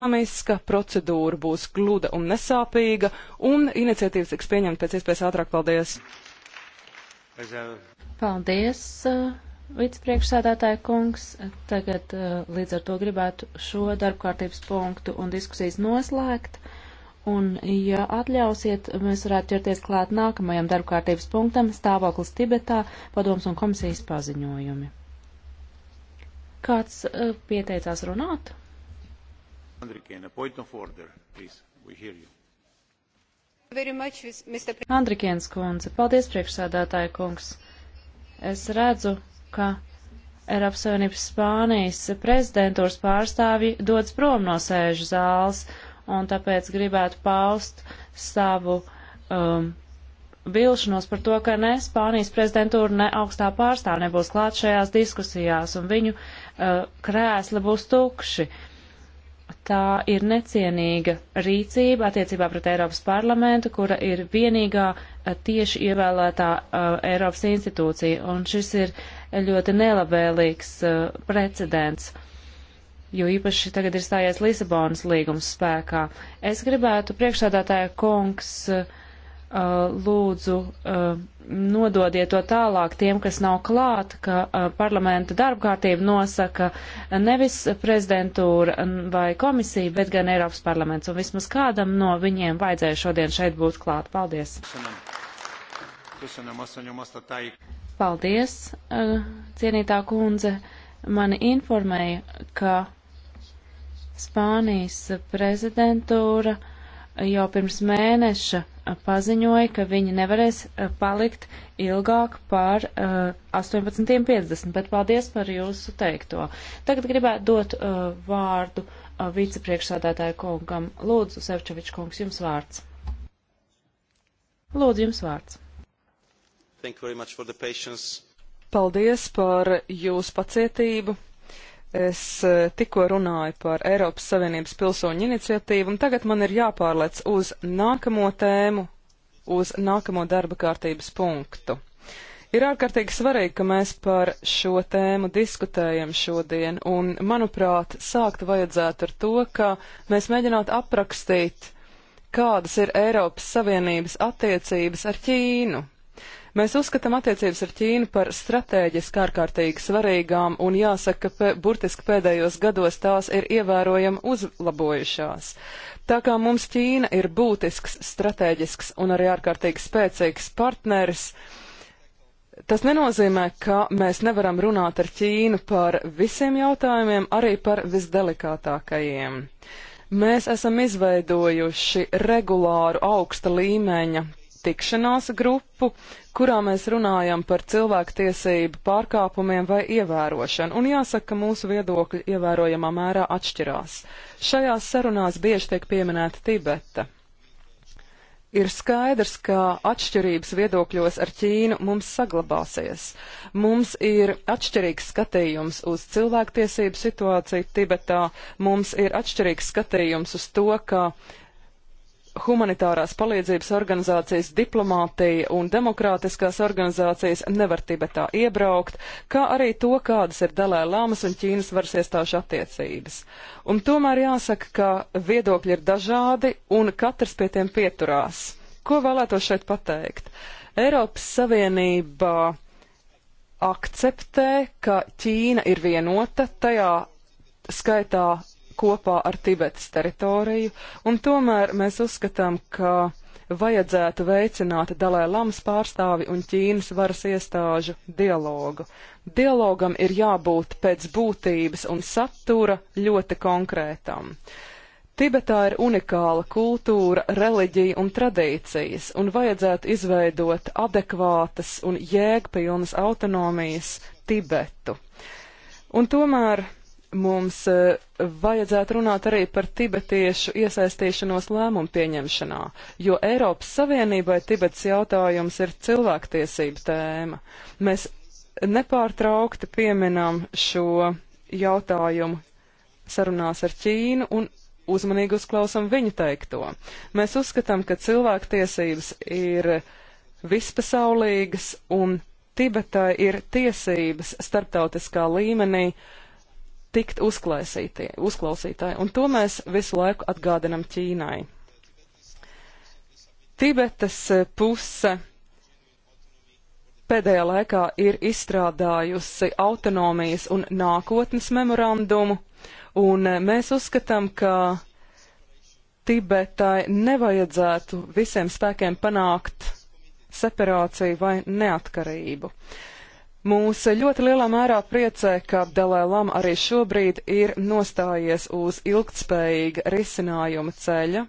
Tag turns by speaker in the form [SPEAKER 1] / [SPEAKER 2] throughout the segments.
[SPEAKER 1] dinamiska, procedūra būs gluda un nesāpīga, un iniciatīvas tiks pieņemta pēc iespējas ātrāk. Paldies!
[SPEAKER 2] Paldies, uh, vicepriekšsēdētāja kungs. Tagad uh, līdz ar to gribētu šo darbkārtības punktu un diskusijas noslēgt. Un, ja atļausiet, mēs varētu ķerties klāt nākamajam darbkārtības punktam - stāvoklis Tibetā, padoms un komisijas paziņojumi. Kāds uh, pieteicās runāt? Andrikienas kundze, paldies priekšsēdētāja kungs. Es redzu, ka Eiropas Savienības Spānijas prezidentūras pārstāvji dodas prom no sēžu zāles, un tāpēc gribētu paust savu um, vilšanos par to, ka ne Spānijas prezidentūra, ne augstā pārstāv nebūs klāt šajās diskusijās, un viņu uh, krēsli būs tukši. Uh, Tā ir necienīga rīcība attiecībā pret Eiropas parlamentu, kura ir vienīgā eh, tieši ievēlētā uh, Eiropas institūcija, un šis ir ļoti nelabvēlīgs uh, precedents, jo īpaši tagad ir stājies Lisabonas līgums spēkā. Es gribētu priekšsādātāja kungs uh, lūdzu. Uh, nododiet to tālāk tiem, kas nav klāt, ka uh, parlamenta darbkārtība nosaka nevis prezidentūra vai komisija, bet gan Eiropas parlaments. Un vismaz kādam no viņiem vajadzēja šodien šeit būt klāt. Paldies! Paldies, uh, cienītā kundze. Mani informēja, ka Spānijas prezidentūra jau pirms mēneša paziņoja, ka viņi nevarēs eh, palikt ilgāk par 18.50, eh, bet paldies par jūsu teikto. Tagad gribētu dot eh, vārdu vicepriekšsādātāju kungam. Lūdzu, Sevčevičs kungs, jums vārds. Lūdzu,
[SPEAKER 1] jums vārds. Paldies par jūsu pacietību. Es eh, tikko runāju par Eiropas Savienības pilsoņu iniciatīvu, un tagad man ir jāpārlec uz nākamo tēmu, uz nākamo darba kārtības punktu. Ir ārkārtīgi svarīgi, ka mēs par šo tēmu diskutējam šodien, un, manuprāt, sākt vajadzētu ar to, ka mēs mēģinātu aprakstīt, kādas ir Eiropas Savienības attiecības ar Ķīnu. Mēs uzskatām attiecības ar Ķīnu par strateģiski ārkārtīgi svarīgām, un jāsaka, ka burtiski pēdējos gados tās ir ievērojami uzlabojušās. Tā kā mums Ķīna ir būtisks, strateģisks un arī ārkārtīgi spēcīgs partneris, Tas nenozīmē, ka mēs nevaram runāt ar Ķīnu par visiem jautājumiem, arī par visdelikātākajiem. Mēs esam izveidojuši regulāru augsta līmeņa tikšanās grupu, kurā mēs runājam par cilvēktiesību pārkāpumiem vai ievērošanu, un jāsaka, ka mūsu viedokļi ievērojamā mērā atšķirās. Šajās sarunās bieži tiek pieminēta Tibeta. Ir skaidrs, ka atšķirības viedokļos ar Ķīnu mums saglabāsies. Mums ir atšķirīgs skatījums uz cilvēktiesību situāciju Tibetā, mums ir atšķirīgs skatījums uz to, ka uh, humanitārās palīdzības organizācijas, diplomātija un demokrātiskās organizācijas nevar Tibetā iebraukt, kā arī to, kādas ir Dalai Lamas un Ķīnas varas iestāžu attiecības. Un tomēr jāsaka, ka viedokļi ir dažādi un katrs pie tiem pieturās. Ko vēlētos šeit pateikt? Eiropas Savienība akceptē, ka Ķīna ir vienota, tajā skaitā kopā ar Tibetas teritoriju, un tomēr mēs uzskatām, ka vajadzētu veicināt Dalai Lamas pārstāvi un Ķīnas varas iestāžu dialogu. Dialogam ir jābūt pēc būtības un satura ļoti konkrētam. Tibetā ir unikāla kultūra, reliģija un tradīcijas, un vajadzētu izveidot adekvātas un jēgpilnas autonomijas Tibetu. Un tomēr mums eh, vajadzētu runāt arī par tibetiešu iesaistīšanos lēmumu pieņemšanā, jo Eiropas Savienībai Tibets jautājums ir cilvēktiesība tēma. Mēs nepārtraukti pieminam šo jautājumu sarunās ar Ķīnu un uzmanīgi uzklausam viņu teikto. Mēs uzskatām, ka cilvēktiesības ir vispasaulīgas un Tibetai ir tiesības starptautiskā līmenī uh, tikt uzklausītāji, un to mēs visu laiku atgādinam Ķīnai. Tibetas eh, puse pēdējā laikā ir izstrādājusi autonomijas un nākotnes memorandumu, un eh, mēs uzskatām, ka Tibetai nevajadzētu visiem spēkiem panākt separāciju vai neatkarību. Uh, Mūs ļoti lielā mērā priecē, ka Dalēlam arī šobrīd ir nostājies uz ilgtspējīga risinājuma ceļa.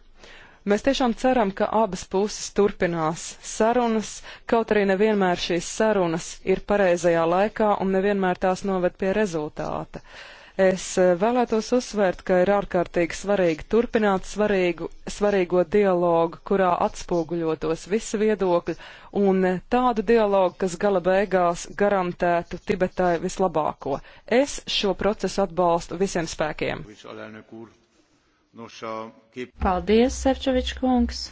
[SPEAKER 1] Mēs tiešām ceram, ka abas puses turpinās sarunas, kaut arī nevienmēr šīs sarunas ir pareizajā laikā un nevienmēr tās noved pie rezultāta. Uh, Es eh, vēlētos uzsvērt, ka ir ārkārtīgi svarīgi turpināt svarīgu, svarīgo dialogu, kurā atspoguļotos visi viedokļi, un eh, tādu dialogu, kas gala beigās garantētu Tibetai vislabāko. Es šo procesu atbalstu visiem spēkiem.
[SPEAKER 2] Paldies, Sefčovičs kungs!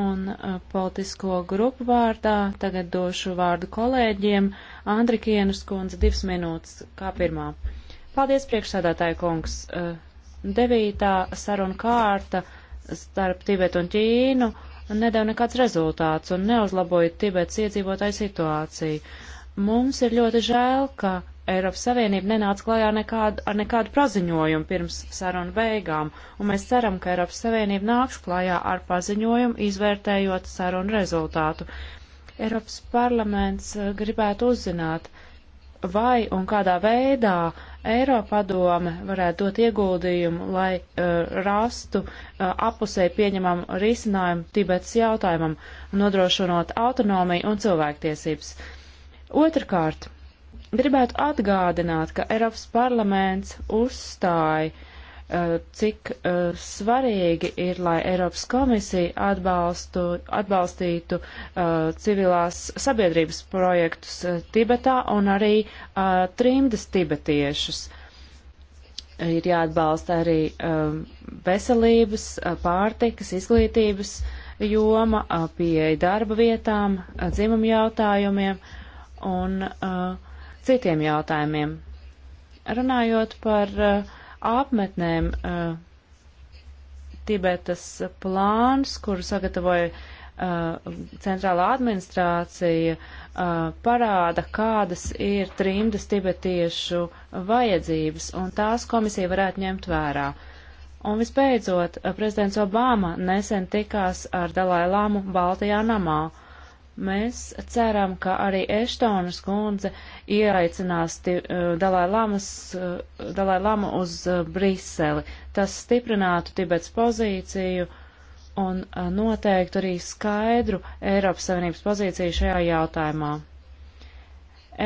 [SPEAKER 2] Un uh, politisko grupu vārdā tagad došu vārdu kolēģiem. Andrikienas kundze divas minūtes kā pirmā. Paldies, priekšsādātāja kungs. Eh, devītā saruna kārta starp Tibetu un Ķīnu nedēv nekāds rezultāts un neuzlaboja Tibetas iedzīvotāju situāciju. Mums ir ļoti žēl, ka Eiropas Savienība nenāca klajā nekādu, ar nekādu paziņojumu pirms sarunu beigām, un mēs ceram, ka Eiropas Savienība nāks klajā ar paziņojumu, izvērtējot sarunu rezultātu. Eiropas parlaments eh, gribētu uzzināt, uh, vai un kādā veidā Eiropadome varētu dot ieguldījumu, lai uh, rastu uh, apusē pieņemam risinājumu Tibetas jautājumam, nodrošinot autonomiju un cilvēktiesības. Otrkārt, gribētu atgādināt, ka Eiropas parlaments uzstāja Eh, cik uh, svarīgi ir, lai Eiropas komisija atbalstu, atbalstītu uh, civilās sabiedrības projektus uh, Tibetā un arī trimdas tibetiešus. Ir jāatbalsta arī veselības, pārtikas, izglītības joma, pieeja darba vietām, dzimumu jautājumiem un citiem jautājumiem. Runājot par uh, apmetnēm. Uh, Tibetas plāns, kuru sagatavoja uh, centrālā administrācija uh, parāda, kādas ir trimdas tibetiešu vajadzības, un tās komisija varētu ņemt vērā. Un visbeidzot, uh, prezidents Obama nesen tikās ar Dalai Lāmu Baltajā namā, Mēs ceram, ka arī Eštonas kundze ieaicinās eh, Dalai, Lamas, eh, Dalai Lamu uz eh, Briseli. Tas stiprinātu Tibets pozīciju un noteiktu arī skaidru Eiropas Savienības pozīciju šajā jautājumā.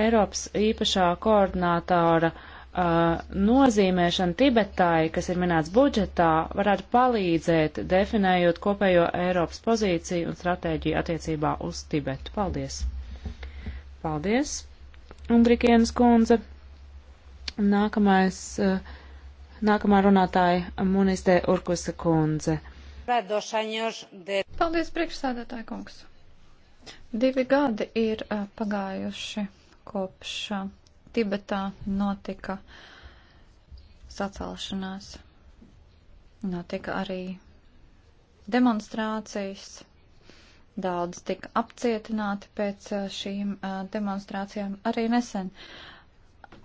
[SPEAKER 2] Eiropas īpašā koordinātāra uh, Uh, nozīmēšana Tibetai, kas ir minēts budžetā, varētu palīdzēt definējot kopējo Eiropas pozīciju un stratēģiju attiecībā uz Tibetu. Paldies! Paldies, Undrikienas kundze! Nākamais, uh, nākamā runātāja Muniste Urkusa kundze.
[SPEAKER 3] Paldies, priekšsādātāja kungs! Divi gadi ir uh, pagājuši kopš Tibetā notika sacelšanās, notika arī demonstrācijas. Daudz tika apcietināti pēc eh, šīm eh, demonstrācijām arī nesen,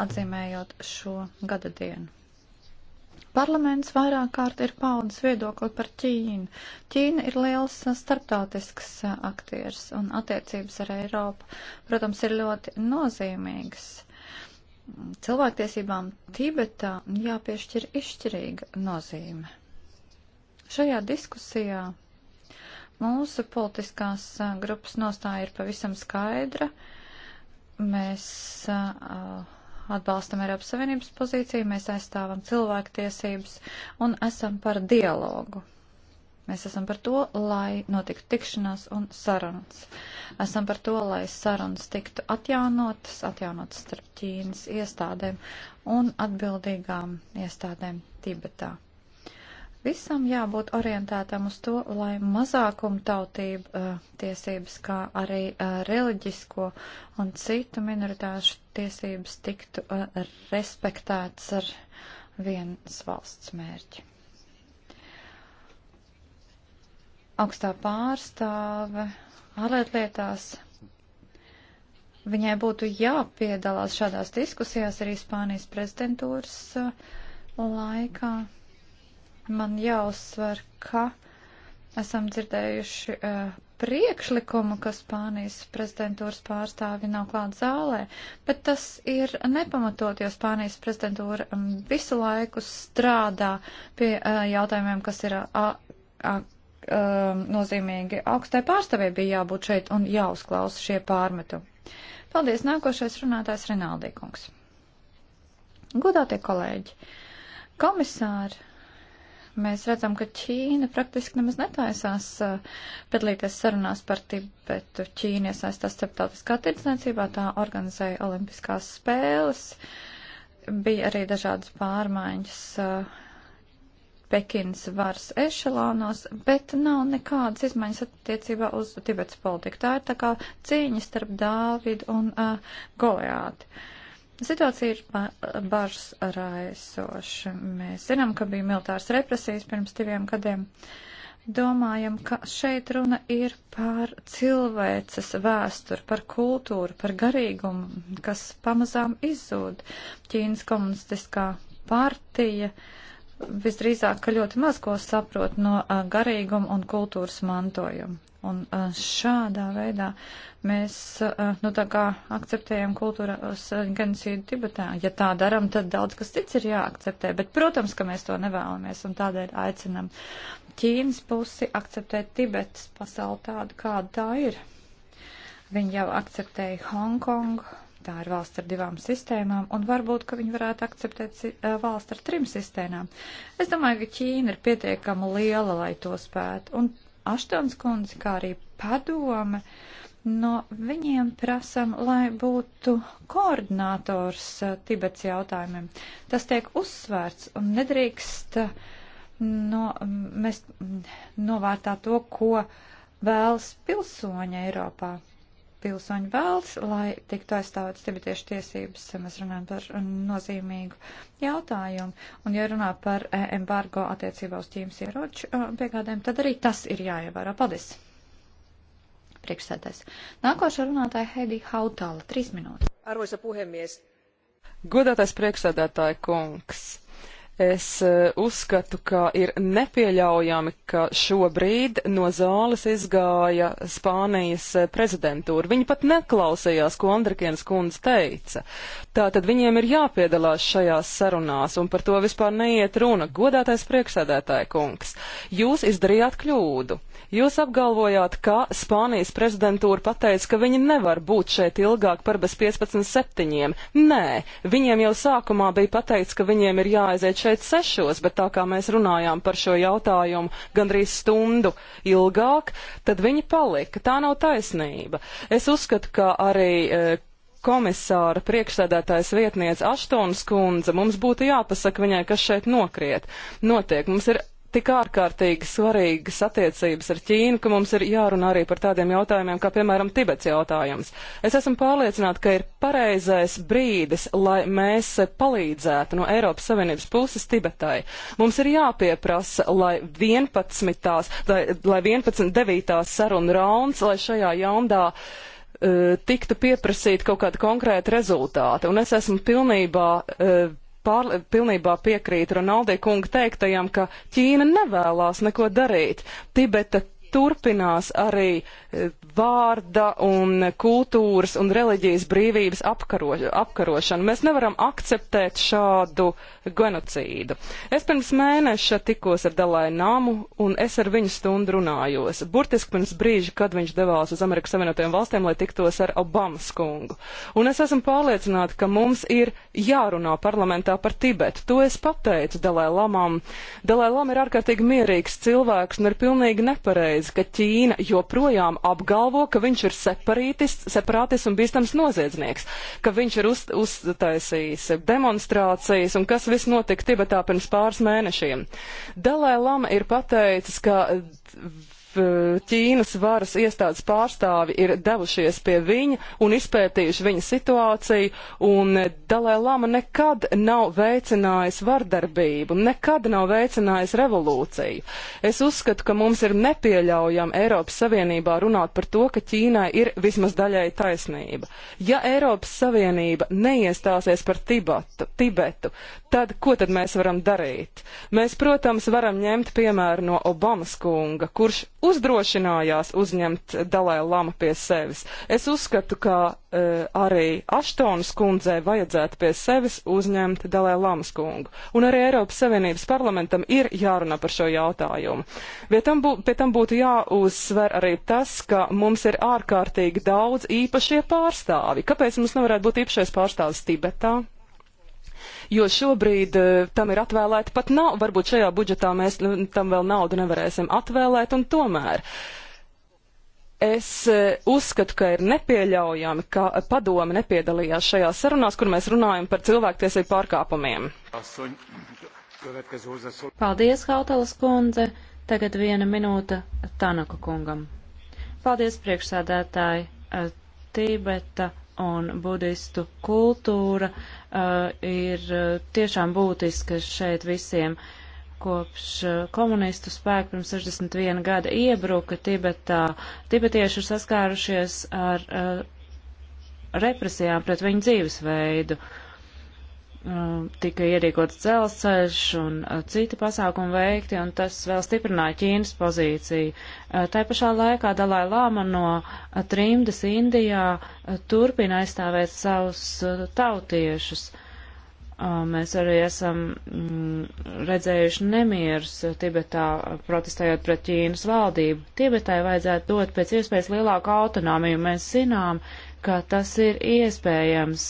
[SPEAKER 3] atzīmējot šo gada dienu. Parlaments vairāk kārt ir paudzis viedokli par Ķīnu. Ķīna ir liels eh, starptautisks aktieris un attiecības ar Eiropu, protams, ir ļoti nozīmīgas cilvēktiesībām Tibetā jāpiešķir izšķirīga nozīme. Šajā diskusijā mūsu politiskās grupas nostāja ir pavisam skaidra. Mēs uh, atbalstam Eiropas Savienības pozīciju, mēs aizstāvam cilvēktiesības un esam par dialogu. Mēs esam par to, lai notiktu tikšanās un sarunas. Esam par to, lai sarunas tiktu atjaunotas, atjaunotas starp Ķīnas iestādēm un atbildīgām iestādēm Tibetā. Visam jābūt orientētam uz to, lai mazākumu tautību uh, eh, tiesības, kā arī uh, reliģisko un citu minoritāšu tiesības tiktu uh, respektētas ar vienas valsts mērķi. augstā pārstāve ārlietlietās. Viņai būtu jāpiedalās šādās diskusijās arī Spānijas prezidentūras uh, laikā. Man jāuzsver, ka esam dzirdējuši uh, priekšlikumu, ka Spānijas prezidentūras pārstāvi nav klāt zālē, bet tas ir nepamatot, jo Spānijas prezidentūra um, visu laiku strādā pie uh, jautājumiem, kas ir uh, uh um, nozīmīgi augstai pārstāvē bija jābūt šeit un jāuzklausa šie pārmetumi. Paldies, nākošais runātājs Renaldīkungs. Godātie kolēģi, komisāri, mēs redzam, ka Ķīna praktiski nemaz netaisās uh, piedalīties sarunās par Tibetu. Ķīna iesaistās starptautiskā tirdzniecībā, tā organizēja olimpiskās spēles, bija arī dažādas pārmaiņas uh, Pekinas varas ešalānos, bet nav nekādas izmaiņas attiecībā uz Tibets politiku. Tā ir tā kā cīņa starp Dāvidu un uh, Goliāti. Situācija ir ba bažas raisoša. Mēs zinām, ka bija militārs represijas pirms diviem gadiem. Domājam, ka šeit runa ir par cilvēces vēsturi, par kultūru, par garīgumu, kas pamazām izzūd. Ķīnas komunistiskā partija uh, visdrīzāk, ka ļoti maz ko saprot no uh, garīguma un kultūras mantojuma. Un uh, šādā veidā mēs, uh, nu tā kā akceptējam kultūras uh, genocīdu Tibetā, ja tā daram, tad daudz kas cits ir jāakceptē, bet, protams, ka mēs to nevēlamies un tādēļ aicinam Ķīnas pusi akceptēt Tibetas pasauli tādu, kāda tā ir. Viņi jau akceptēja Hongkongu, tā ir valsts ar divām sistēmām, un varbūt, ka viņi varētu akceptēt eh, valsts ar trim sistēmām. Es domāju, ka Ķīna ir pietiekama liela, lai to spētu. Un Aštons kundze, kā arī padome, no viņiem prasam, lai būtu koordinators eh, Tibets jautājumiem. Tas tiek uzsvērts un nedrīkst eh, no, mēs novērtā to, ko vēlas pilsoņa Eiropā pilsoņi vēlas, lai tiktu aizstāvotas tibetiešu tiesības. Mēs runājam par nozīmīgu jautājumu. Un, ja runā par eh, embargo attiecībā uz ķīmas ieroču eh, piegādēm, tad arī tas ir jāievēro. Paldies! Priekšsēdēs. Nākošā runātāja Heidi Hautala. Trīs minūtes. Arvoisa puhemies.
[SPEAKER 1] Godātais priekšsēdētāja kungs. Es eh, uzskatu, ka ir nepieļaujami, ka šobrīd no zāles izgāja Spānijas eh, prezidentūra. Viņi pat neklausījās, ko Andrikienas kundze teica. Tātad viņiem ir jāpiedalās šajās sarunās, un par to vispār neiet runa. Godātais priekšsēdētāja kungs, jūs izdarījāt kļūdu. Jūs apgalvojāt, ka Spānijas prezidentūra pateica, ka viņi nevar būt šeit ilgāk par bez 15.7. Nē, viņiem jau sākumā bija pateikts, ka viņiem ir jāaiziet šeit šeit sešos, bet tā kā mēs runājām par šo jautājumu gandrīz stundu ilgāk, tad viņi palika. Tā nav taisnība. Es uzskatu, ka arī e, komisāra priekšsēdētājas vietniece Aštons kundze, mums būtu jāpasaka viņai, kas šeit nokriet. Notiek, mums ir tik ārkārtīgi svarīgas attiecības ar Ķīnu, ka mums ir jārunā arī par tādiem jautājumiem, kā piemēram Tibets jautājums. Es esmu pārliecināta, ka ir pareizais brīdis, lai mēs palīdzētu no Eiropas Savienības puses Tibetai. Mums ir jāpieprasa, lai 11. lai, lai 11. 9. saruna rauns, lai šajā jaundā uh, tiktu pieprasīt kaut kāda konkrēta rezultāta. Un es esmu pilnībā uh, pār, pilnībā piekrītu Ronaldī kunga teiktajam, ka Ķīna nevēlās neko darīt. Tibeta turpinās arī eh, vārda un kultūras un reliģijas brīvības apkaro, apkarošana. Mēs nevaram akceptēt šādu genocīdu. Es pirms mēneša tikos ar Dalai Namu un es ar viņu stundu runājos. Burtiski pirms brīža, kad viņš devās uz Amerikas Savienotajām valstīm, lai tiktos ar Obamas kungu. Un es esmu pārliecināta, ka mums ir jārunā parlamentā par Tibetu. To es pateicu Dalai Lamam. Dalai Lama ir ārkārtīgi mierīgs cilvēks un ir pilnīgi nepareizi pareizi, ka Ķīna joprojām apgalvo, ka viņš ir separātists, separātists un bīstams noziedznieks, ka viņš ir uz, uztaisījis demonstrācijas un kas viss notika Tibetā pirms pāris mēnešiem. Dalai Lama ir pateicis, ka Ķīnas varas iestādes pārstāvi ir devušies pie viņa un izpētījuši viņa situāciju, un Dalai Lama nekad nav veicinājis vardarbību, nekad nav veicinājis revolūciju. Es uzskatu, ka mums ir nepieļaujama Eiropas Savienībā runāt par to, ka Ķīnai ir vismaz daļai taisnība. Ja Eiropas Savienība neiestāsies par Tibatu, Tibetu, tad ko tad mēs varam darīt? Mēs, protams, varam ņemt piemēru no Obamas kunga, kurš uzdrošinājās uzņemt Dalai Lama pie sevis. Es uzskatu, ka e, arī Aštonas kundzei vajadzētu pie sevis uzņemt Dalai Lamas kungu. Un arī Eiropas Savienības parlamentam ir jārunā par šo jautājumu. Pie tam, bū, pie tam būtu jāuzsver arī tas, ka mums ir ārkārtīgi daudz īpašie pārstāvi. Kāpēc mums nevarētu būt īpašais pārstāvis Tibetā? jo šobrīd eh, tam ir atvēlēta pat nav, varbūt šajā budžetā mēs nu, tam vēl naudu nevarēsim atvēlēt, un tomēr es eh, uzskatu, ka ir nepieļaujami, ka padome nepiedalījās šajā sarunās, kur mēs runājam par cilvēktiesību pārkāpumiem. Paldies, Hautalas kundze.
[SPEAKER 2] Tagad viena minūte Tanaka kungam. Paldies, priekšsēdētāji. Eh, Tībeta un budistu kultūra uh, ir uh, tiešām būtiska šeit visiem. Kopš uh, komunistu spēku pirms 61 gada iebruka Tibetā, tibetieši ir saskārušies ar uh, represijām pret viņu dzīvesveidu. Uh, Um, tika ierīkots dzelzceļš un uh, citi pasākumi veikti, un tas vēl stiprināja Ķīnas pozīciju. Uh, Tā pašā laikā Dalai Lama no uh, trimdas Indijā turpina aizstāvēt savus tautiešus. Mēs arī esam mm, redzējuši nemierus Tibetā, protestējot pret Ķīnas valdību. Tibetai vajadzētu dot pēc iespējas lielāku autonomiju. Mēs zinām, ka tas ir iespējams,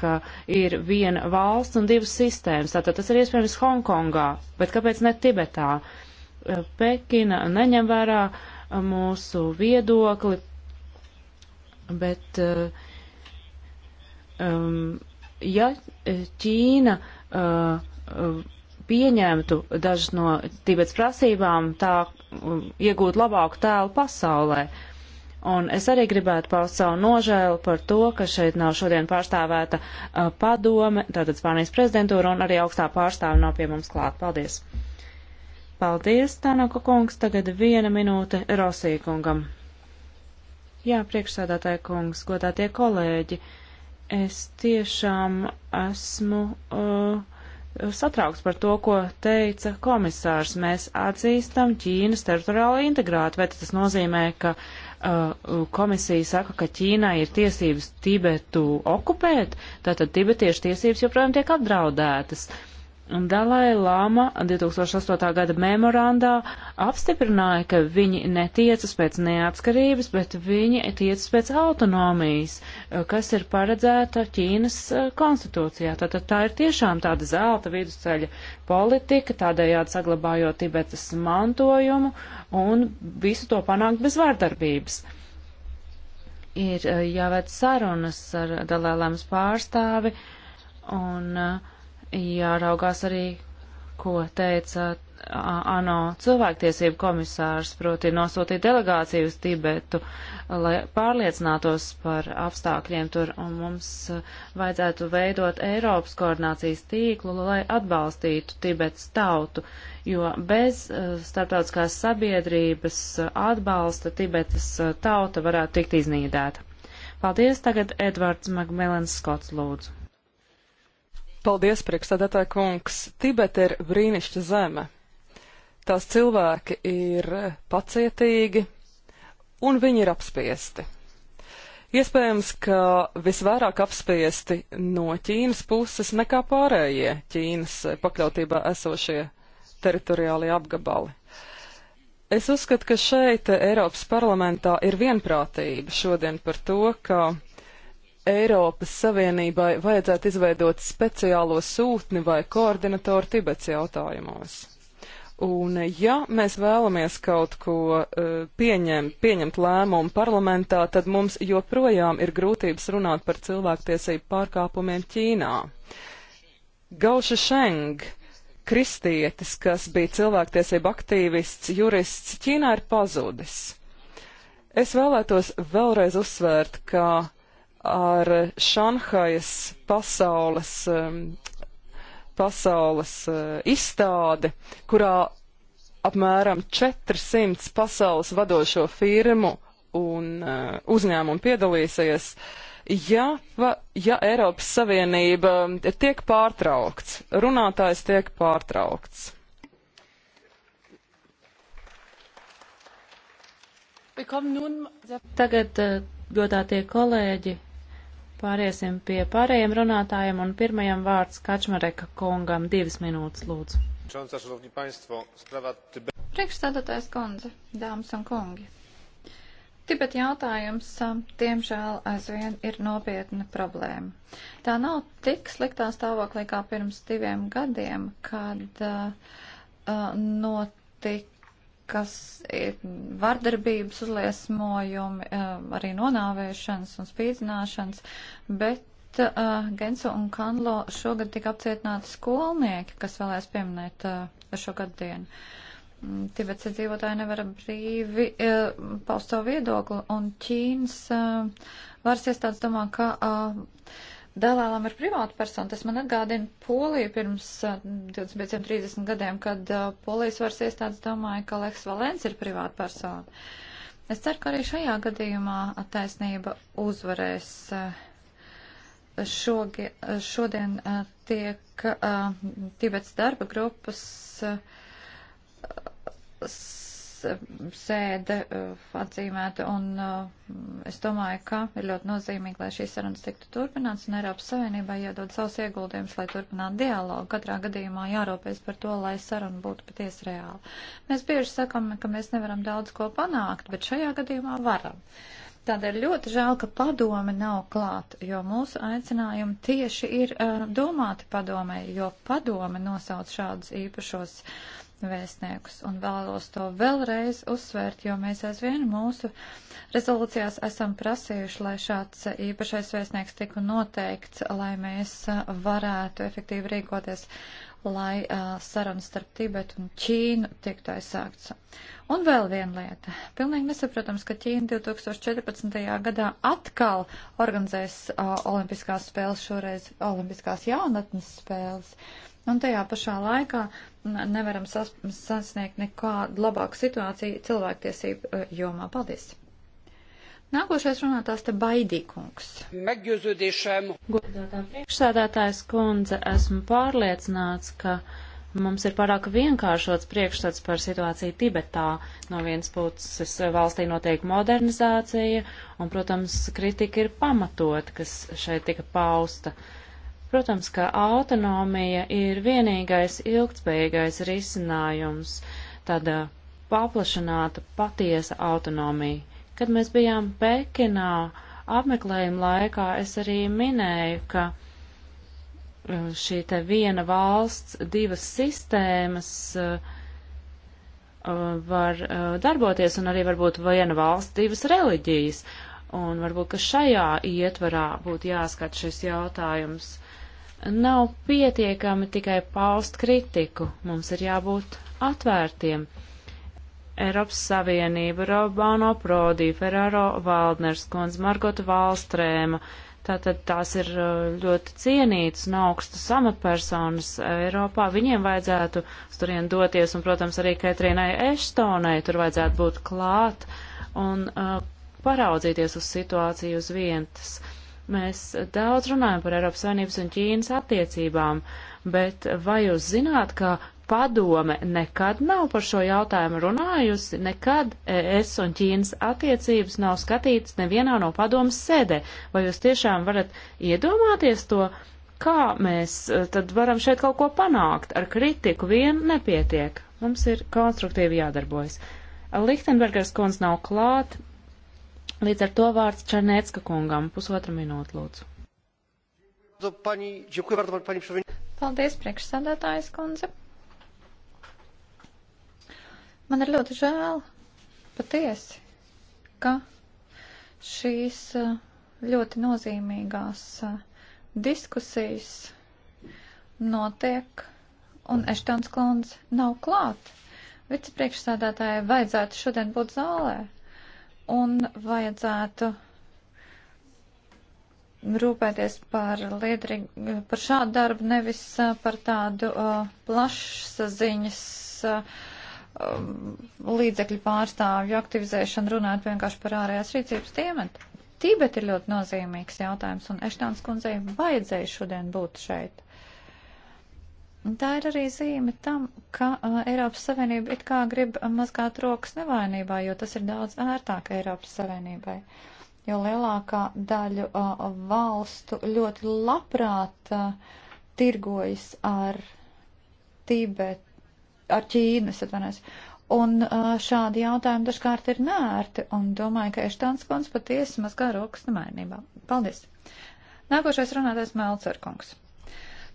[SPEAKER 2] ka ir viena valsts un divas sistēmas. Tātad tas ir iespējams Hongkongā, bet kāpēc ne Tibetā? Eh, Pekina neņem vērā eh, mūsu viedokli, bet um, ja Ķīna uh, pieņemtu dažas no Tibets prasībām, tā um, iegūt labāku tēlu pasaulē. Uh, Un es arī gribētu paust savu nožēlu par to, ka šeit nav šodien pārstāvēta uh, padome, tātad Spānijas prezidentūra un arī augstā pārstāve nav pie mums klāt. Paldies! Paldies, Tanaka kungs, tagad viena minūte Rosija kungam. Jā, priekšsēdātāja kungs, godātie kolēģi, es tiešām esmu uh, satraukts par to, ko teica komisārs. Mēs atzīstam Ķīnas teritoriālo integrātu, vai tas nozīmē, ka uh, Uh, komisija saka, ka Ķīnā ir tiesības Tibetu okupēt, tātad tibetiešu tiesības joprojām tiek apdraudētas. Uh, Dalai Lama 2008. gada memorandā apstiprināja, ka viņi netiecas pēc neatkarības, bet viņi tiecas pēc autonomijas, eh, kas ir paredzēta Ķīnas eh, konstitūcijā. Tātad tā ir tiešām tāda zelta vidusceļa politika, tādējādi saglabājot Tibetas mantojumu un visu to panākt bez vārdarbības ir eh, jāved sarunas ar dalēlēmas pārstāvi, un uh, jāraugās arī, ko teica ANO cilvēktiesību komisārs, proti nosūtīt delegāciju uz Tibetu, lai pārliecinātos par apstākļiem tur, un mums vajadzētu veidot Eiropas koordinācijas tīklu, lai atbalstītu Tibetas tautu, jo bez starptautiskās sabiedrības atbalsta Tibetas tauta varētu tikt iznīdēta.
[SPEAKER 1] Paldies, tagad Edvards Magmelens Skots lūdzu. Paldies, priekšsēdētāji kungs. Tibeta ir brīnišķa zeme. Tās cilvēki ir pacietīgi un viņi ir apspiesti. Iespējams, ka visvairāk apspiesti no Ķīnas puses nekā pārējie Ķīnas pakļautībā esošie teritoriālie apgabali. Es uzskatu, ka šeit Eiropas parlamentā ir vienprātība šodien par to, ka Eiropas Savienībai vajadzētu izveidot speciālo sūtni vai koordinatoru Tibets jautājumos. Un ja mēs vēlamies kaut ko eh, pieņem, pieņemt lēmumu parlamentā, tad mums joprojām ir grūtības runāt par cilvēktiesību pārkāpumiem Ķīnā. Gauša Šeng, kristietis, kas bija cilvēktiesība aktīvists, jurists, Ķīnā ir pazudis. Es vēlētos vēlreiz uzsvērt, ka ar Šanhajas pasaules, um, pasaules uh, izstādi, kurā apmēram 400 pasaules vadošo firmu un uh, uzņēmumu piedalīsies ja, va, ja Eiropas Savienība um, tiek pārtraukts, runātājs tiek pārtraukts. Tagad, uh,
[SPEAKER 2] godātie kolēģi, Pāriesim pie pārējiem runātājiem un pirmajam vārds Kačmareka kungam divas minūtes lūdzu.
[SPEAKER 3] Priekšstādātājs kundze, dāmas un kungi. Tibet jautājums, diemžēl, aizvien ir nopietna problēma. Tā nav tik sliktā stāvoklī kā pirms diviem gadiem, kad uh, notika kas ir vardarbības uzliesmojumi, eh, arī nonāvēšanas un spīdzināšanas, bet uh, Genso un Kanlo šogad tika apcietināti skolnieki, kas vēlēs pieminēt uh, šo gadienu. Mm, Tibets iedzīvotāji nevar brīvi uh, paust savu viedokli, un Ķīnas uh, varas iestādes domā, ka uh, dalēlam ar privātu personu. Tas man atgādina Poliju pirms 25-30 gadiem, kad Polijas varas iestādes domāja, ka Leks Valens ir privāta persona. Es ceru, ka arī šajā gadījumā attaisnība uzvarēs. Šogi, šodien tiek Tibets darba grupas sēde eh, atzīmēta, un eh, es domāju, ka ir ļoti nozīmīgi, lai šīs sarunas tiktu turpināts, un Eiropas Savienībai jādod savus ieguldījumus, lai turpinātu dialogu. Katrā gadījumā jārūpēs par to, lai saruna būtu patiesi reāla. Mēs bieži sakam, ka mēs nevaram daudz ko panākt, bet šajā gadījumā varam. Tādēļ ļoti žēl, ka padome nav klāt, jo mūsu aicinājumi tieši ir uh, domāti padomē, jo padome nosauc šādus īpašos uh, vēstniekus. Un vēlos to vēlreiz uzsvērt, jo mēs aizvien mūsu rezolūcijās esam prasījuši, lai šāds īpašais vēstnieks tiku noteikts, lai mēs varētu efektīvi rīkoties, lai uh, sarunas starp Tibetu un Ķīnu tiktu aizsākts. Un vēl viena lieta. Pilnīgi nesaprotams, ka Ķīna 2014. gadā atkal organizēs uh, Olimpiskās spēles, šoreiz Olimpiskās jaunatnes spēles. Uh, Un tajā pašā laikā nevaram sas, sasniegt nekādu labāku situāciju cilvēktiesību uh, jomā. Paldies! Nākošais runātājs
[SPEAKER 2] te baidīkungs.
[SPEAKER 3] Godātā
[SPEAKER 2] priekšsēdētājs kundze, esmu pārliecināts, ka mums ir pārāk vienkāršots priekšstats par situāciju Tibetā. No vienas puses eh, valstī notiek modernizācija, un, protams, kritika ir pamatot, kas šeit tika pausta. Uh, Protams, ka autonomija ir vienīgais ilgtspējīgais risinājums, tāda uh, paplašināta patiesa autonomija. Kad mēs bijām Pekinā apmeklējuma laikā, es arī minēju, ka uh, šī te viena valsts, divas sistēmas uh, var darboties un arī varbūt viena valsts, divas reliģijas. Un varbūt, ka šajā ietvarā būtu jāskat šis jautājums. Nav pietiekami tikai paust kritiku, mums ir jābūt atvērtiem. Eiropas Savienība, Robano Prodi, Ferraro Valdners, Kons Margot Valstrēma, tātad tās ir uh, ļoti cienītas un augstas amatpersonas Eiropā. Viņiem vajadzētu turien doties, un, protams, arī Ketrīnai Eštonai tur vajadzētu būt klāt un uh, paraudzīties uz situāciju uz vientas. Uh, Mēs daudz runājam par Eiropas Savienības un Ķīnas attiecībām, bet vai jūs zināt, ka padome nekad nav par šo jautājumu runājusi, nekad es un Ķīnas attiecības nav skatītas nevienā no padomas sēdē? Vai jūs tiešām varat iedomāties to, kā mēs eh, tad varam šeit kaut ko panākt? Ar kritiku vien nepietiek. Mums ir konstruktīvi jādarbojas. Lichtenbergers kundze nav klāt, Līdz ar to vārds Černēcka kungam. Pusotra minūte, lūdzu.
[SPEAKER 3] Paldies, priekšsādātājs kundze. Man ir ļoti žēl, patiesi, ka šīs eh, ļoti nozīmīgās eh, diskusijas notiek, un Eštons kundze nav klāt. Vicepriekšsādātāja vajadzētu šodien būt zālē un vajadzētu rūpēties par, liederīgu, par šādu darbu, nevis par tādu uh, plašsaziņas uh, līdzekļu pārstāvju aktivizēšanu, runājot vienkārši par ārējās rīcības tiemetu. Tībet ir ļoti nozīmīgs jautājums, un Eštāns kundzei vajadzēja šodien būt šeit. Tā ir arī zīme tam, ka uh, Eiropas Savienība it kā grib mazgāt rokas nevainībā, jo tas ir daudz ērtāk Eiropas Savienībai. Jo lielākā daļa uh, valstu ļoti labprāt uh, tirgojas ar Tibet, ar Ķīnas, atvainojos. Un uh, šādi jautājumi dažkārt ir nērti, un domāju, ka Eštāns kons patiesi mazgā rokas nemainībā. Paldies! Nākošais runātais Melcerkungs.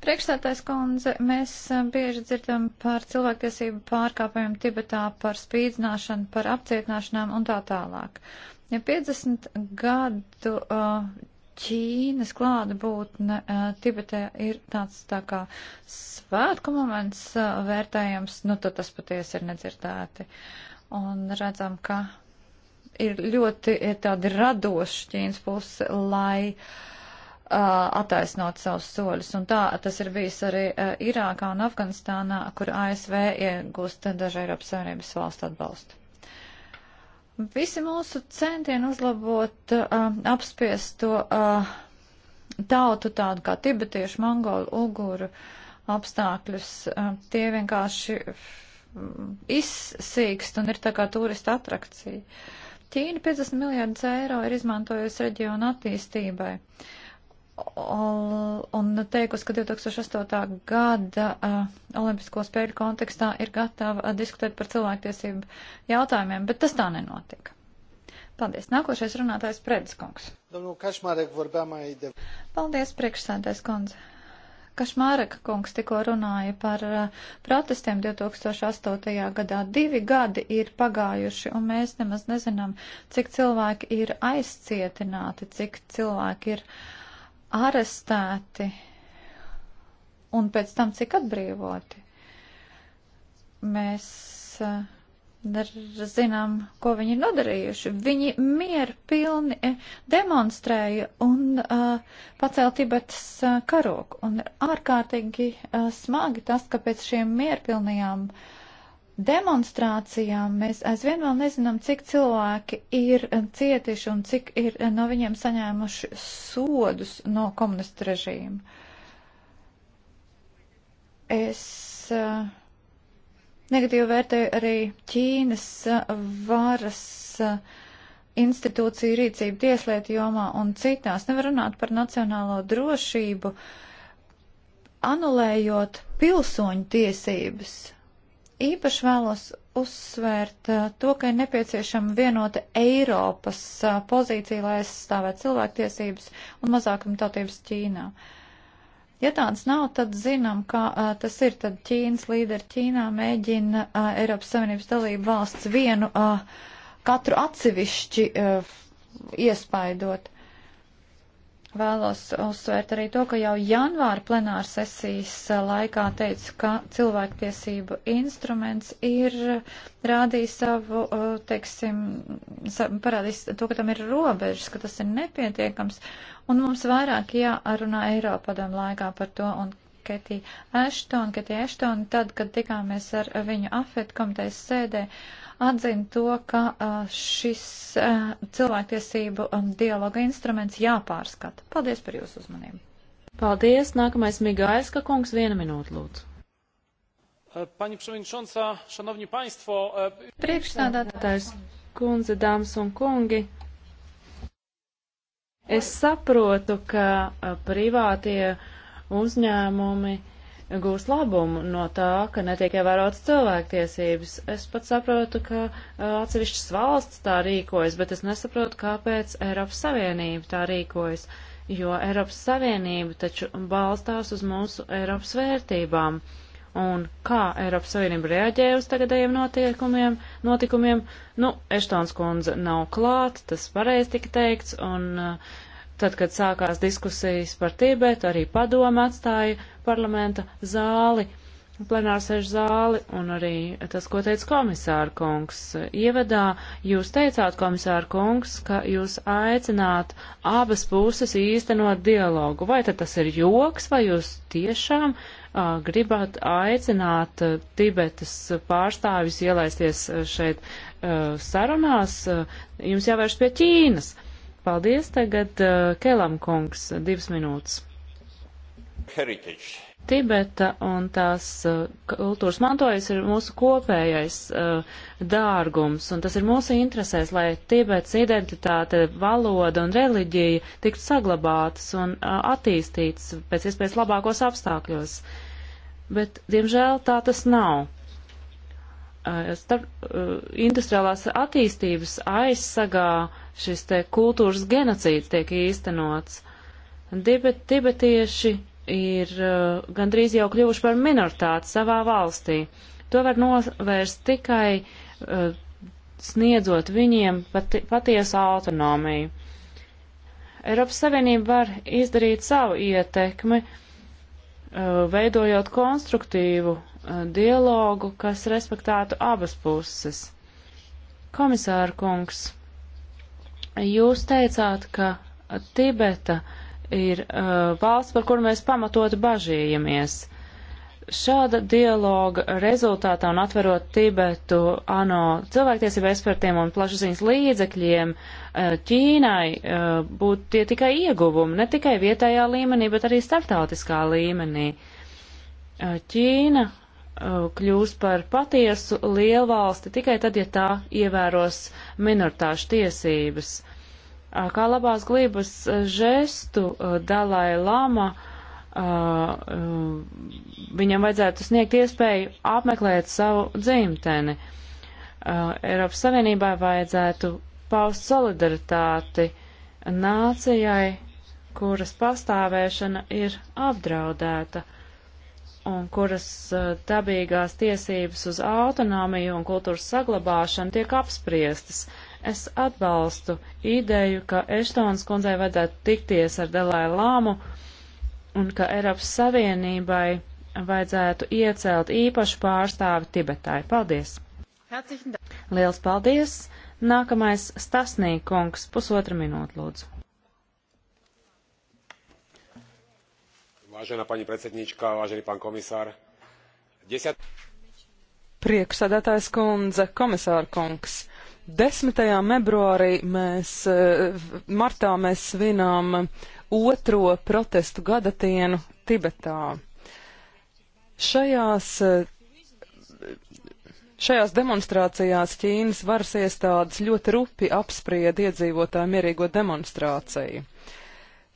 [SPEAKER 3] Priekšstādājs kundze, mēs eh, bieži dzirdam par cilvēktiesību pārkāpumiem Tibetā, par spīdzināšanu, par apcietināšanām un tā tālāk. Ja 50 gadu eh, Ķīnas klātbūtne eh, Tibetē ir tāds tā kā svētku moments vērtējams, nu tad tas patiesi ir nedzirdēti. Un redzam, ka ir ļoti ir tādi radoši Ķīnas puse, lai uh, Uh, attaisnot savus soļus. Un tā tas ir bijis arī uh, Irākā un Afganistānā, kur ASV iegūst daži Eiropas Savienības valstu atbalstu. Visi mūsu centieni uzlabot uh, apspiesto uh, tautu tādu kā tibetiešu, mongolu, uguru apstākļus, uh, tie vienkārši izsīkst un ir tā kā turista atrakcija. Ķīna 50 miljardus eiro ir izmantojusi reģionu attīstībai. Uh, un teikusi, ka 2008. gada uh, Olimpisko spēļu kontekstā ir gatava uh, diskutēt par cilvēktiesību jautājumiem, bet tas tā nenotika. Paldies. Nākošais runātājs Prediskungs. Paldies, priekšsēdēs kundze. Kašmāreka kungs tikko runāja par uh, protestiem 2008. gadā. Divi gadi ir pagājuši, un mēs nemaz nezinām, cik cilvēki ir aizcietināti, cik cilvēki ir uh, arestēti un pēc tam cik atbrīvoti. Mēs eh, zinām, ko viņi ir nodarījuši. Viņi mieru pilni eh, demonstrēja un uh, pacēla Tibetas uh, karoku. Un ārkārtīgi uh, smagi tas, ka pēc šiem mieru pilnajām uh, demonstrācijām mēs aizvien vēl nezinām, cik cilvēki ir eh, cietuši un cik ir eh, no viņiem saņēmuši sodus no komunistu režīma. Es eh, negatīvi vērtēju arī Ķīnas varas institūciju rīcību tieslietu jomā un citās. Nevar runāt par nacionālo drošību, anulējot pilsoņu tiesības Īpaši vēlos uzsvērt eh, to, ka ir nepieciešama vienota Eiropas eh, pozīcija, lai aizstāvētu cilvēktiesības un mazākumtautības Ķīnā. Ja tāds nav, tad zinām, kā uh, eh, tas ir, tad Ķīnas līderi Ķīnā mēģina uh, Eiropas Savienības dalību valsts vienu uh, katru atsevišķi uh, iespaidot. Vēlos uzsvērt arī to, ka jau janvāra plenāra sesijas laikā teicu, ka cilvēktiesību instruments ir rādījis savu, teiksim, parādījis to, ka tam ir robežas, ka tas ir nepietiekams, un mums vairāk jārunā Eiropadam laikā par to, un Ketī Ashton, Ketī Ashton, tad, kad tikāmies ar viņu afet komitejas sēdē, uh, atzina to, ka šis cilvēktiesību dialoga instruments
[SPEAKER 2] jāpārskata. Paldies par jūsu uzmanību. Paldies. Nākamais Migaiska kungs, viena minūte lūdzu.
[SPEAKER 1] Pani Przewodnicząca, Szanowni Państwo. Priekšstādātājs,
[SPEAKER 2] kundze, dāmas un kungi. Es saprotu, ka privātie uzņēmumi uh, gūs labumu no tā, ka netiek ievērotas cilvēktiesības. Es pat saprotu, ka atsevišķas valsts tā rīkojas, bet es nesaprotu, kāpēc Eiropas Savienība tā rīkojas, jo Eiropas Savienība taču balstās uz mūsu Eiropas vērtībām. Un kā Eiropas Savienība reaģē uz tagadējiem notiekumiem, notikumiem? Nu, Eštons kundze nav klāt, tas pareizi tika teikts, un uh, Tad, kad sākās diskusijas par Tibetu, arī padoma atstāja parlamenta zāli, plenārsēžu zāli, un arī tas, ko teica komisāra kungs. Ievadā jūs teicāt, komisāra kungs, ka jūs aicināt abas puses īstenot dialogu. Vai tad tas ir joks, vai jūs tiešām gribat aicināt Tibetas pārstāvis ielaisties šeit sarunās, jums jāvērš pie Ķīnas. Paldies tagad uh, Kelam kungs, divas minūtes. Heritage. Tibeta un tās uh, kultūras mantojums ir mūsu kopējais uh, dārgums, un tas ir mūsu interesēs, lai Tibetas identitāte, valoda un reliģija tiktu saglabātas un uh, attīstītas pēc iespējas labākos apstākļos. Bet, diemžēl, tā tas nav. Uh, starp, uh, industriālās attīstības aizsagā šis te kultūras genocīds tiek īstenots. Dibet, tibetieši ir uh, gandrīz jau kļuvuši par minoritāti savā valstī. To var novērst tikai uh, sniedzot viņiem pati, patiesu autonomiju. Eiropas Savienība var izdarīt savu ietekmi, uh, veidojot konstruktīvu Uh, dialogu, kas respektētu abas puses. Komisāra kungs, jūs teicāt, ka Tibeta ir uh, valsts, par kuru mēs pamatot bažījamies. Šāda dialoga rezultātā un atverot Tibetu ANO cilvēktiesību ekspertiem un plašsaziņas līdzekļiem uh, Ķīnai uh, būtu tie tikai ieguvumi, ne tikai vietējā līmenī, bet arī starptautiskā līmenī. Ķīna Uh, kļūs par patiesu lielvalsti tikai tad, ja tā ievēros minoritāšu tiesības. Uh, kā labās glības uh, žestu Dalai Lama, viņam vajadzētu sniegt iespēju apmeklēt savu dzimteni. Eiropas Savienībā vajadzētu paust solidaritāti nācijai, kuras pastāvēšana ir apdraudēta. Uh, un kuras eh, dabīgās tiesības uz autonomiju un kultūras saglabāšanu tiek apspriestas. Es atbalstu ideju, ka Eštons kundzei vajadzētu tikties ar Delai Lāmu un ka Eiropas Savienībai vajadzētu iecelt īpašu pārstāvi Tibetai. Paldies! Liels paldies! Nākamais Stasnī kungs, pusotra minūte lūdzu. Vážená pani predsedníčka, vážený pán
[SPEAKER 1] komisār. Desiat... Priekšsēdētājs kundze, komisāra kungs. 10. februārī mēs, e, martā mēs svinām otro protestu gadatienu Tibetā. Šajās e, Šajās demonstrācijās Ķīnas varas iestādes ļoti rupi apsprieda iedzīvotāju mierīgo demonstrāciju.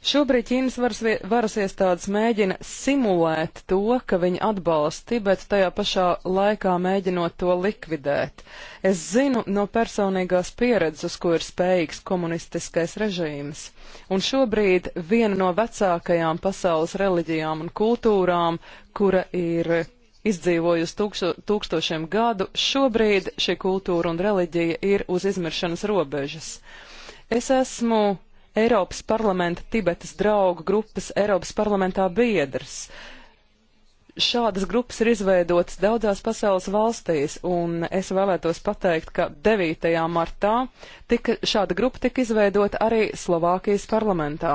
[SPEAKER 1] Šobrīd Ķīnas varas, varas iestādes mēģina simulēt to, ka viņi atbalsta Tibetu, tajā pašā laikā mēģinot to likvidēt. Es zinu no personīgās pieredzes, uz ko ir spējīgs komunistiskais režīms. Un šobrīd viena no vecākajām pasaules reliģijām un kultūrām, kura ir izdzīvojusi tūksto, tūkstošiem gadu, šobrīd šī kultūra un reliģija ir uz izmiršanas robežas. Es esmu Eiropas parlamenta Tibetas draugu grupas Eiropas parlamentā biedrs. Šādas grupas ir izveidotas daudzās pasaules valstīs, un es vēlētos pateikt, ka 9. martā tika, šāda grupa tika izveidota arī Slovākijas parlamentā.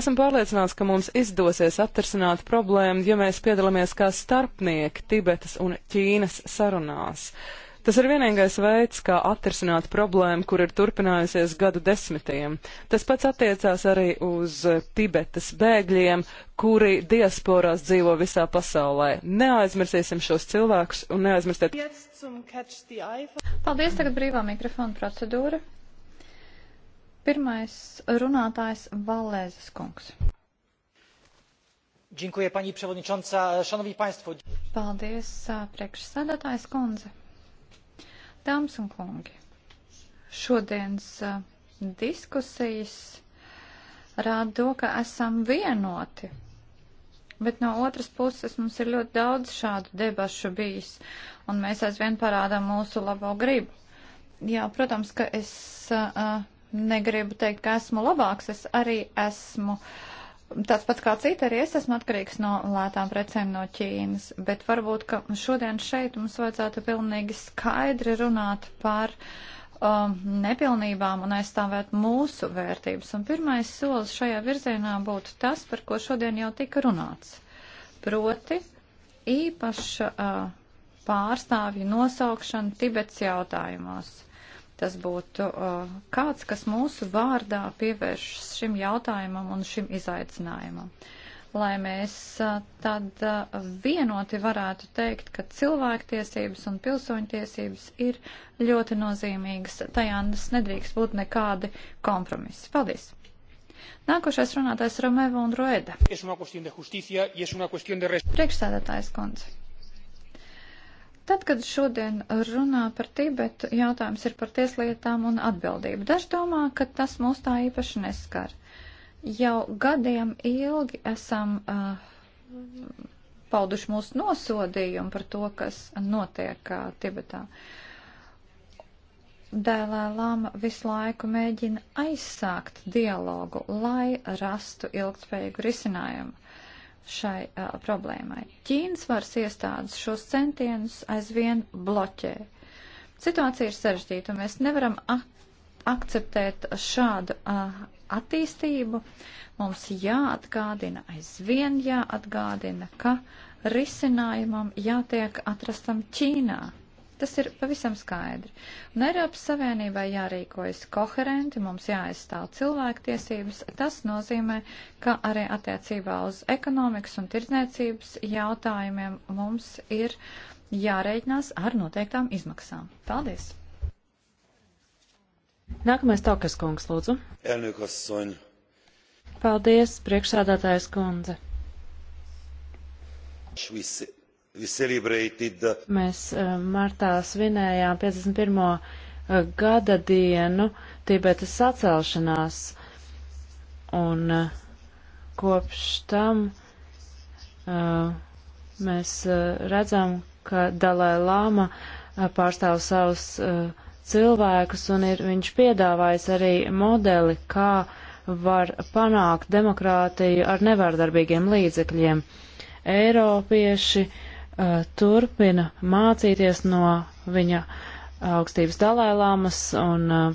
[SPEAKER 1] Esmu pārliecināts, ka mums izdosies atrasināt problēmu, ja mēs piedalāmies kā starpnieki Tibetas un Ķīnas sarunās. Uh, Tas ir vienīgais veids, kā atrisināt problēmu, kur ir turpinājusies gadu desmitiem. Tas pats attiecās arī uz Tibetas bēgļiem, kuri diasporās dzīvo visā pasaulē. Neaizmirsīsim šos cilvēkus un neaizmirstiet. Paldies, tagad
[SPEAKER 3] brīvā mikrofona procedūra. Pirmais runātājs Valēzes kungs. Dziękuję pani przewodnicząca. Szanowni państwo. Paldies, priekšsēdētājs kundze. Dāmas un kungi, šodienas uh, diskusijas rāda to, ka esam vienoti. Bet no otras puses mums ir ļoti daudz šādu debašu bijis, un mēs aizvien parādām mūsu labo gribu. Jā, protams, ka es uh, uh negribu teikt, ka esmu labāks, es arī esmu uh, tāds pats kā cita, arī es esmu atkarīgs no lētām precēm no Ķīnas, bet varbūt, ka šodien šeit mums vajadzētu pilnīgi skaidri runāt par um, nepilnībām un aizstāvēt mūsu vērtības. Un pirmais solis šajā virzienā būtu tas, par ko šodien jau tika runāts. Proti, īpaša uh, pārstāvju nosaukšana Tibets jautājumos tas būtu uh, kāds, kas mūsu vārdā pievēršas šim jautājumam un šim izaicinājumam. Lai mēs uh, tad uh, vienoti varētu teikt, ka cilvēktiesības un pilsoņtiesības ir ļoti nozīmīgas, tajā nedrīkst būt nekādi kompromisi. Paldies! Nākošais runātājs Romeva un Roeda. Priekšsēdētājs kundze. Tad, kad šodien runā par Tibetu, jautājums ir par tieslietām un atbildību. Daži domā, ka tas mūs tā īpaši neskar. Jau gadiem ilgi esam uh, pauduši mūsu nosodījumu par to, kas notiek uh, Tibetā. Dēlē Lama visu laiku mēģina aizsākt dialogu, lai rastu ilgspējīgu risinājumu šai uh, problēmai. Ķīnas varas iestādes šos centienus aizvien bloķē. Situācija ir sarežģīta, un mēs nevaram akceptēt šādu uh, attīstību. Mums jāatgādina, aizvien jāatgādina, ka risinājumam jātiek atrastam Ķīnā. Tas ir pavisam skaidri. Un Eiropas Savienībai jārīkojas koherenti, mums jāaizstāv cilvēktiesības. Tas nozīmē, ka arī attiecībā uz ekonomikas un tirdzniecības jautājumiem mums ir jārēķinās ar noteiktām izmaksām. Paldies!
[SPEAKER 2] Nākamais Taukas kungs, lūdzu. Elnīkos soņu. Paldies, priekšsādātājs kundze.
[SPEAKER 1] Švisi Mēs eh,
[SPEAKER 2] martā svinējām 51. Eh, gada dienu Tibetas sacelšanās, un eh, kopš tam mēs redzam, ka Dalai Lama pārstāv savus cilvēkus, un ir, viņš piedāvājis arī modeli, kā var panākt demokrātiju ar nevārdarbīgiem līdzekļiem. Eiropieši uh, Uh, turpina mācīties no viņa augstības dalēlāmas un uh,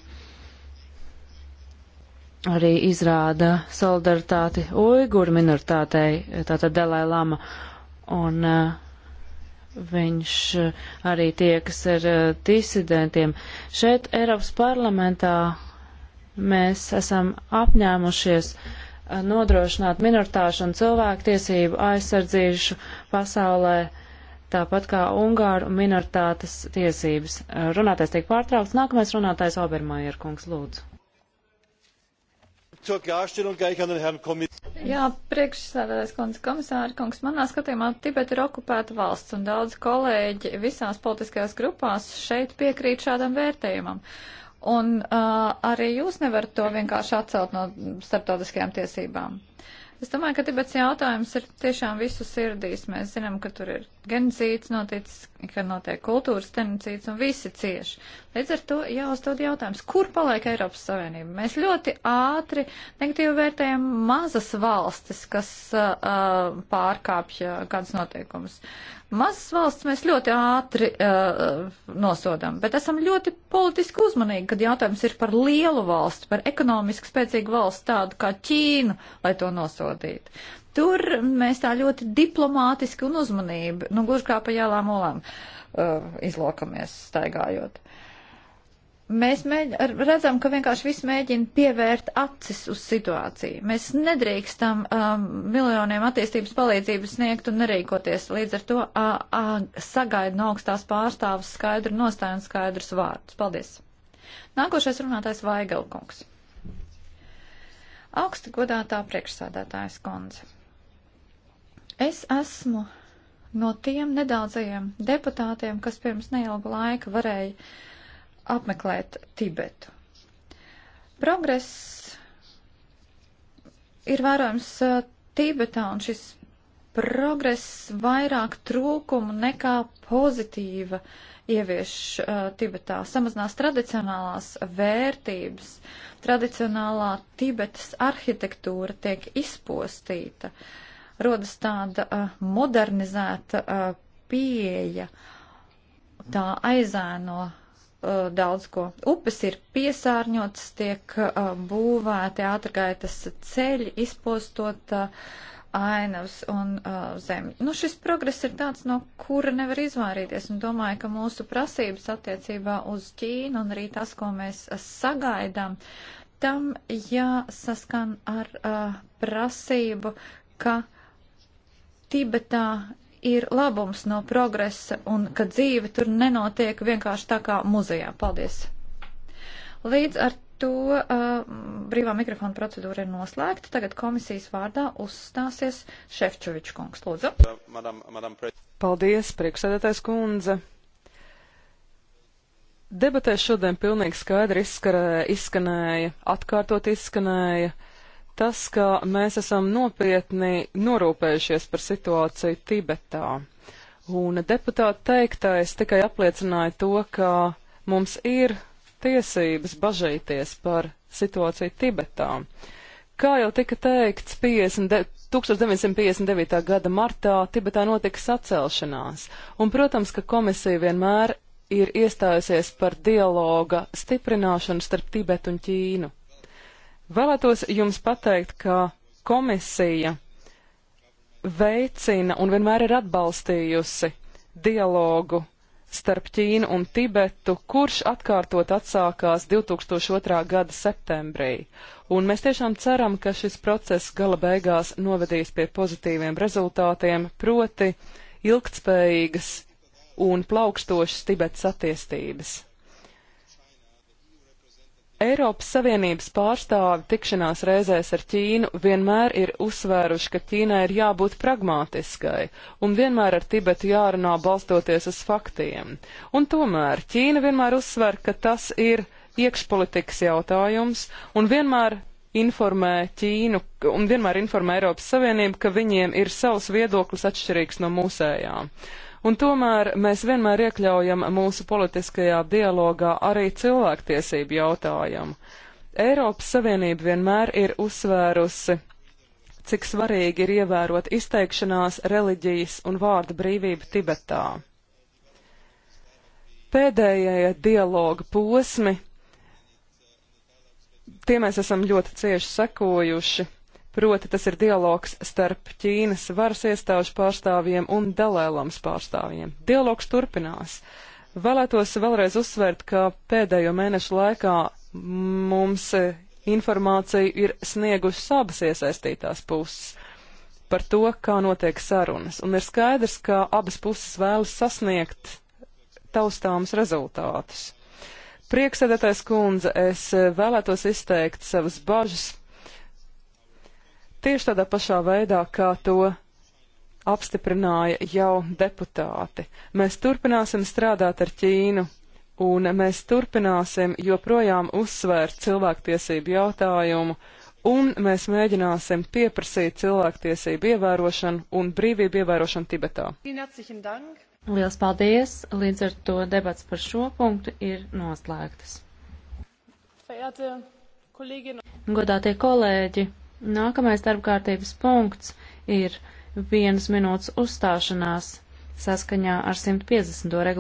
[SPEAKER 2] arī izrāda solidaritāti uiguru minoritātei, tātad dalēlāma. Un uh, viņš arī tiekas ar disidentiem. Šeit Eiropas parlamentā mēs esam apņēmušies nodrošināt minoritāšu un cilvēku tiesību aizsardzīšu pasaulē. Uh, tāpat kā Ungāru minoritātes tiesības. Runātais tiek pārtraukts. Nākamais runātājs Obermajer kungs, lūdzu.
[SPEAKER 3] Jā, priekšsēdētājs kundze komisāri, kungs, manā skatījumā Tibet ir okupēta valsts un daudz kolēģi visās politiskajās grupās šeit piekrīt šādam vērtējumam. Un uh, arī jūs nevarat to vienkārši atcelt no starptautiskajām tiesībām. Es domāju, ka Tibets jautājums ir tiešām visu sirdīs. Mēs zinām, ka tur ir genocīds noticis, ka notiek kultūras genocīds un visi cieši. Līdz ar to jāuzdod jautājums, kur paliek Eiropas Savienība? Mēs ļoti ātri negatīvi vērtējam mazas valstis, kas uh, uh pārkāpja kādas noteikumus. Mazas valsts mēs ļoti ātri uh, nosodam, bet esam ļoti politiski uzmanīgi, kad jautājums ir par lielu valstu, par ekonomiski spēcīgu valstu tādu kā Ķīnu, lai to nosodītu. Tur mēs tā ļoti diplomātiski un uzmanību, nu gluži kā pa jālām olām uh, izlokamies staigājot. Mēs mēģ, redzam, ka vienkārši viss mēģina pievērt acis uz situāciju. Mēs nedrīkstam um, miljoniem attīstības palīdzības sniegt un nerīkoties. Līdz ar to uh, uh, sagaidu no augstās pārstāvas skaidru nostāju un skaidrus vārdus. Paldies! Nākošais runātājs Vaigelkungs. Augsti godātā priekšsādātājs Konze. Es esmu no tiem nedaudzajiem deputātiem, kas pirms neilga laika varēja apmeklēt Tibetu. Progress ir vērojams uh, Tibetā, un šis progress vairāk trūkumu nekā pozitīva ievieš uh, Tibetā. Samazinās tradicionālās vērtības, tradicionālā Tibetas arhitektūra tiek izpostīta. Uh, rodas tāda uh, modernizēta uh, pieeja. Tā aizēno uh, daudz ko. Upes ir piesārņotas, tiek uh, būvēti ātrgaitas ceļi, izpostot uh, ainavas un uh, zemi. Nu, šis progress ir tāds, no kura nevar izvairīties, un domāju, ka mūsu prasības attiecībā uz Ķīnu un arī tas, ko mēs sagaidām, tam jāsaskan ar uh, prasību, ka Tibetā ir labums no progresa un ka dzīve tur nenotiek vienkārši tā kā muzejā. Paldies! Līdz ar to uh, brīvā mikrofona procedūra ir noslēgta.
[SPEAKER 1] Tagad komisijas vārdā uzstāsies Šefčovičs kungs. Lūdzu. Uh, madam, madam Paldies, priekšsēdētājs kundze. Debatēs šodien pilnīgi skaidri izskanēja, atkārtot izskanēja tas, ka mēs esam nopietni norūpējušies par situāciju Tibetā. Un deputāta teiktais tikai apliecināja to, ka mums ir tiesības bažīties par situāciju Tibetā. Kā jau tika teikts, 50, 1959. gada martā Tibetā notika sacelšanās, un, protams, ka komisija vienmēr ir iestājusies par dialoga stiprināšanu starp Tibetu un Ķīnu. Vēlētos jums pateikt, ka komisija veicina un vienmēr ir atbalstījusi dialogu starp Ķīnu un Tibetu, kurš atkārtot atsākās 2002. gada septembrī. Un mēs tiešām ceram, ka šis process gala beigās novedīs pie pozitīviem rezultātiem, proti ilgtspējīgas un plaukstošas Tibetas attiestības. Eiropas Savienības pārstāvi tikšanās reizēs ar Ķīnu vienmēr ir uzsvēruši, ka Ķīnai ir jābūt pragmātiskai un vienmēr ar Tibetu jārunā balstoties uz faktiem. Un tomēr Ķīna vienmēr uzsver, ka tas ir iekšpolitikas jautājums un vienmēr informē Ķīnu un vienmēr informē Eiropas Savienību, ka viņiem ir savs viedoklis atšķirīgs no mūsējām. Un tomēr mēs vienmēr iekļaujam mūsu politiskajā dialogā arī cilvēktiesību jautājumu. Eiropas Savienība vienmēr ir uzsvērusi, cik svarīgi ir ievērot izteikšanās, reliģijas un vārda brīvību Tibetā. Pēdējie dialoga posmi, tie mēs esam ļoti cieši sekojuši, Proti tas ir dialogs starp Ķīnas varas iestāžu pārstāvjiem un Dalēlams pārstāvjiem. Dialogs turpinās. Vēlētos vēlreiz uzsvērt, ka pēdējo mēnešu laikā mums informāciju ir sniegušas abas iesaistītās puses par to, kā notiek sarunas, un ir skaidrs, ka abas puses vēlas sasniegt taustāms rezultātus. Prieksēdētais kundze, es vēlētos izteikt savas bažas tieši tādā pašā veidā, kā to apstiprināja jau deputāti. Mēs turpināsim strādāt ar Ķīnu, un mēs turpināsim joprojām uzsvērt cilvēktiesību jautājumu, un mēs mēģināsim pieprasīt cilvēktiesību ievērošanu un brīvību ievērošanu Tibetā. Liels paldies! Līdz ar to debats par šo punktu ir noslēgtas.
[SPEAKER 2] Godātie kolēģi! Nākamais darbkārtības punkts ir vienas minūtes uzstāšanās saskaņā ar 150. regulāciju.